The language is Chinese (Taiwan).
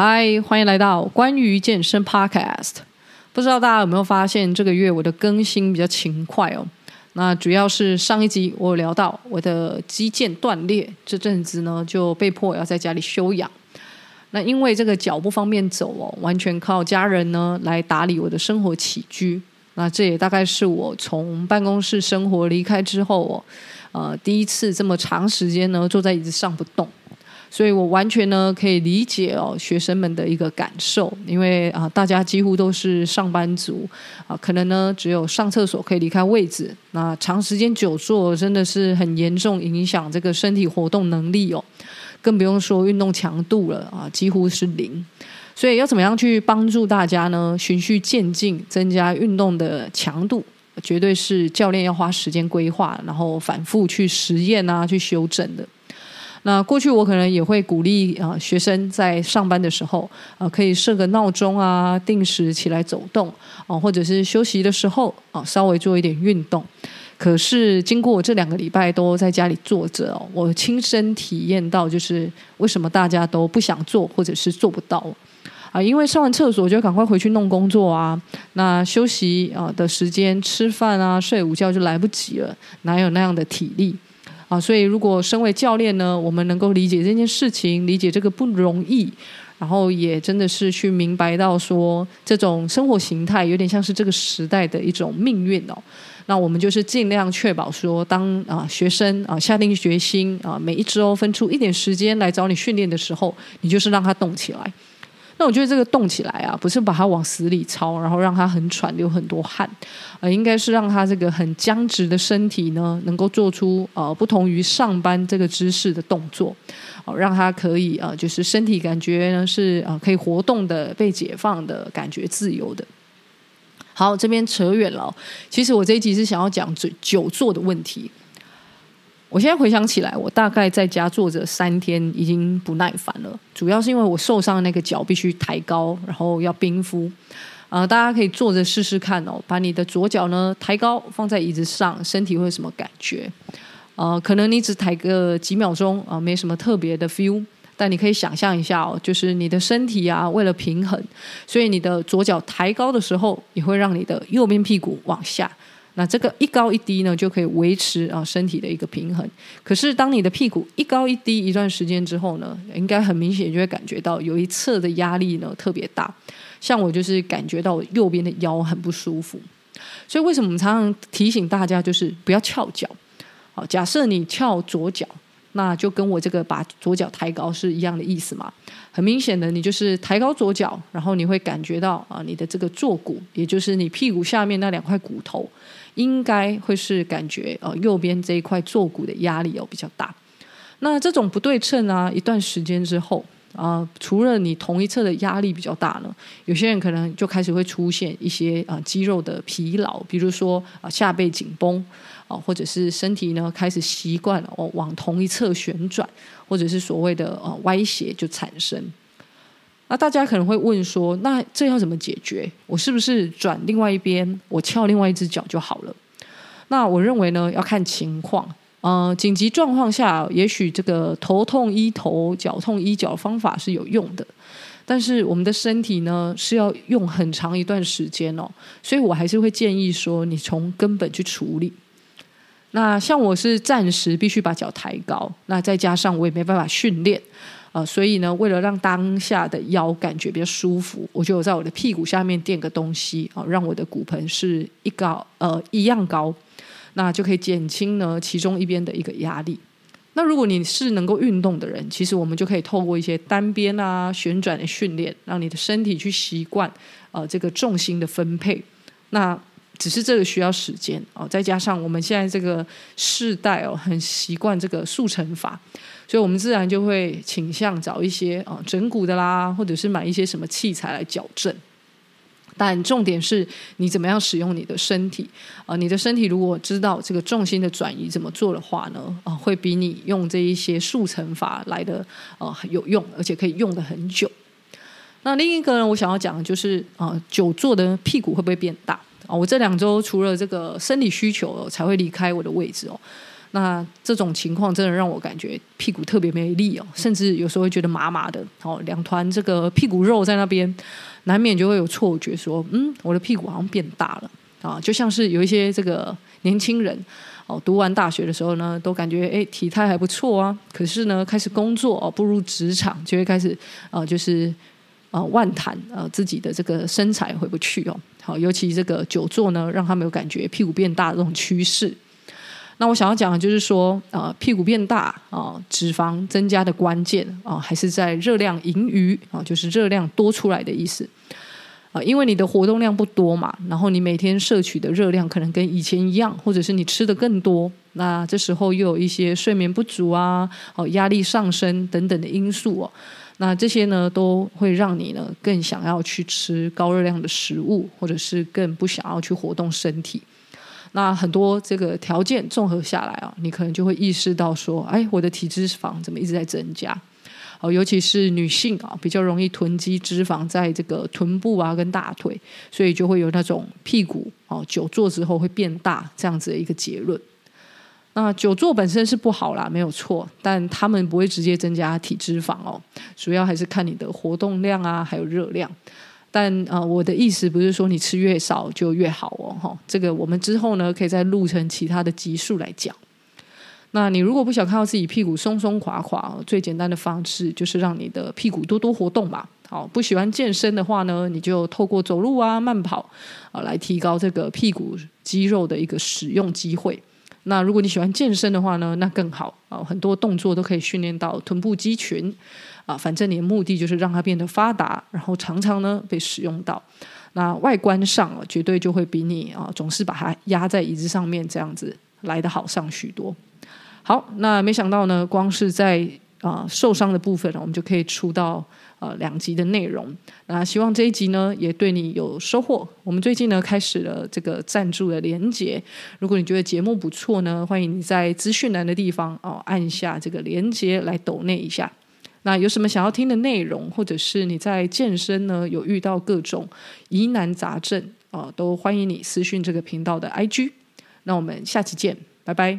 嗨，Hi, 歡迎來到關於健身 Podcast。不知道大家有沒有發現，這個月我的更新比較勤快哦。那主要是上一集我有聊到我的肌腱斷裂，這陣子呢就被迫要在家裡休養。那因為這個腳不方便走哦，完全靠家人呢來打理我的生活起居。那這也大概是我從辦公室生活離開之後哦，呃，第一次這麼長時間呢坐在椅子上不動。所以我完全呢可以理解哦學生們的一個感受，因為啊大家幾乎都是上班族啊，可能呢只有上廁所可以離開位置。那長時間久坐真的是很嚴重影響這個身體活動能力哦，更不用說運動強度了啊，幾乎是零。所以要怎麼樣去幫助大家呢？循序漸進增加運動的強度，絕對是教練要花時間規劃，然後反覆去實驗啊，去修正的。那過去我可能也會鼓勵啊，學生在上班的時候啊，可以設個鬧鐘啊，定時起來走動啊，或者是休息的時候啊，稍微做一點運動。可是經過我這兩個禮拜都在家裡坐着哦，我親身體驗到，就是為什麼大家都不想做，或者是做不到啊，因為上完廁所就趕快回去弄工作啊，那休息啊的時間、吃飯啊、睡午覺就來不及了，哪有那樣的體力？啊，所以如果身為教練呢，我們能夠理解這件事情，理解這個不容易，然後也真的是去明白到說，這種生活形態有點像是這個時代的一種命運哦。那我們就是盡量確保說，當啊學生啊下定決心啊，每一周分出一點時間來找你訓練的時候，你就是讓他動起來。那我覺得這個動起來啊，不是把它，往死裡操，然後讓它很喘，流很多汗啊、呃，應該是讓它這個很僵直的身體呢，能夠做出呃不同於上班這個姿勢的動作，哦，呃，讓它可以呃就是身體感覺呢是呃可以活動的，被解放的感覺，自由的。好，這邊扯遠了哦。其實我這一集是想要講這久坐的問題。我現在回想起來，我大概在家坐着三天已經不耐煩了。主要是因為我受傷的那個腳必須抬高，然後要冰敷。呃，大家可以坐着試試看哦，把你的左腳呢抬高，放在椅子上，身體會有什麼感覺？呃，可能你只抬個幾秒鐘啊，呃，沒什麼特別的 feel，但你可以想象一下哦，就是你的身體啊，為了平衡，所以你的左腳抬高的時候，也會讓你的右邊屁股往下。那這個一高一低呢，就可以維持啊身體的一個平衡。可是當你的屁股一高一低一段時間之後呢，應該很明顯就會感覺到有一側的壓力呢特別大。像我就是感覺到我右邊的腰很不舒服。所以為什麼我們常常提醒大家就是不要翹腳？好，假設你翹左腳。那就跟我這個把左腳抬高是一樣的意思嘛。很明顯的，你就是抬高左腳，然後你會感覺到啊，你的這個坐骨，也就是你屁股下面那兩塊骨頭，應該會是感覺呃、啊、右邊這一塊坐骨的壓力要、哦、比較大。那這種不對稱啊，一段時間之後。啊、呃，除了你同一側的壓力比較大呢，有些人可能就開始會出現一些啊、呃、肌肉的疲勞，比如說啊、呃、下背緊繃啊、呃，或者是身體呢開始習慣了哦往同一側旋轉，或者是所謂的呃歪斜就產生。那大家可能會問說，那這要怎麼解決？我是不是轉另外一邊，我翹另外一隻腳就好了？那我認為呢，要看情況。呃，緊急狀況下，也許這個頭痛醫頭、腳痛醫腳的方法是有用的，但是我們的身體呢是要用很長一段時間哦，所以我還是會建議說，你從根本去處理。那像我是暫時必須把腳抬高，那再加上我也沒辦法訓練啊，呃，所以呢，為了讓當下的腰感覺比較舒服，我就在我的屁股下面墊個東西啊，哦，讓我的骨盆是一高呃一樣高。那就可以減輕呢，其中一邊的一個壓力。那如果你是能夠運動的人，其實我們就可以透過一些單邊啊旋轉的訓練，讓你的身體去習慣啊、呃、這個重心的分配。那只是這個需要時間啊、呃，再加上我們現在這個世代哦，很習慣這個速成法，所以我們自然就會傾向找一些啊、呃、整骨的啦，或者是買一些什麼器材來矯正。但重點是你怎麼樣使用你的身體啊、呃？你的身體如果知道這個重心的轉移怎麼做的話呢？啊、呃，會比你用這一些速成法來的啊、呃、有用，而且可以用的很久。那另一個呢？我想要講的就是啊、呃，久坐的屁股會不會變大啊、呃？我這兩周除了這個生理需求、哦、才會離開我的位置哦。那這種情況真的讓我感覺屁股特別沒力哦，甚至有時候會覺得麻麻的。哦，兩團這個屁股肉在那邊，難免就會有錯覺說，嗯，我的屁股好像變大了啊，哦，就像是有一些這個年輕人哦，讀完大學的時候呢，都感覺哎體態還不錯啊，可是呢開始工作哦，步入職場就會開始啊，呃，就是啊，妄談啊自己的這個身材回不去哦。好，哦，尤其這個久坐呢，讓他們有感覺屁股變大的這種趨勢。那我想要講的就是說，呃，屁股變大啊，呃，脂肪增加的關鍵啊，呃，還是在熱量盈餘啊，呃，就是熱量多出來的意思啊，呃。因為你的活動量不多嘛，然後你每天攝取的熱量可能跟以前一樣，或者是你吃的更多。那這時候又有一些睡眠不足啊，哦，壓力上升等等的因素哦，啊，那這些呢都會讓你呢更想要去吃高熱量的食物，或者是更不想要去活動身體。那很多這個條件綜合下來啊，你可能就會意識到說，哎，我的體脂肪怎麼一直在增加？哦，尤其是女性啊，比較容易囤積脂肪在這個臀部啊跟大腿，所以就會有那種屁股哦、啊，久坐之後會變大這樣子的一個結論。那久坐本身是不好啦，沒有錯，但他們不會直接增加體脂肪哦，主要還是看你的活動量啊，還有熱量。但啊，我的意思不是說你吃越少就越好哦，這個我們之後呢，可以再錄成其他的集數來講。那你如果不想看到自己屁股鬆鬆垮垮，最簡單的方式就是讓你的屁股多多活動吧。好，不喜歡健身的話呢，你就透過走路啊、慢跑啊，來提高這個屁股肌肉的一個使用機會。那如果你喜歡健身的話呢，那更好啊！很多動作都可以訓練到臀部肌群啊，反正你的目的就是讓它變得發達，然後常常呢被使用到。那外觀上啊，絕對就會比你啊總是把它壓在椅子上面這樣子來得好上許多。好，那沒想到呢，光是在。啊、呃，受傷的部分，我們就可以出到呃兩集的內容。那希望這一集呢，也對你有收穫。我們最近呢，開始了這個贊助的連接。如果你覺得節目不錯呢，歡迎你在資訊欄的地方哦、呃，按下這個連接來抖內一下。那有什麼想要聽的內容，或者是你在健身呢有遇到各種疑難雜症啊、呃，都歡迎你私訊這個頻道的 IG。那我們下期見，拜拜。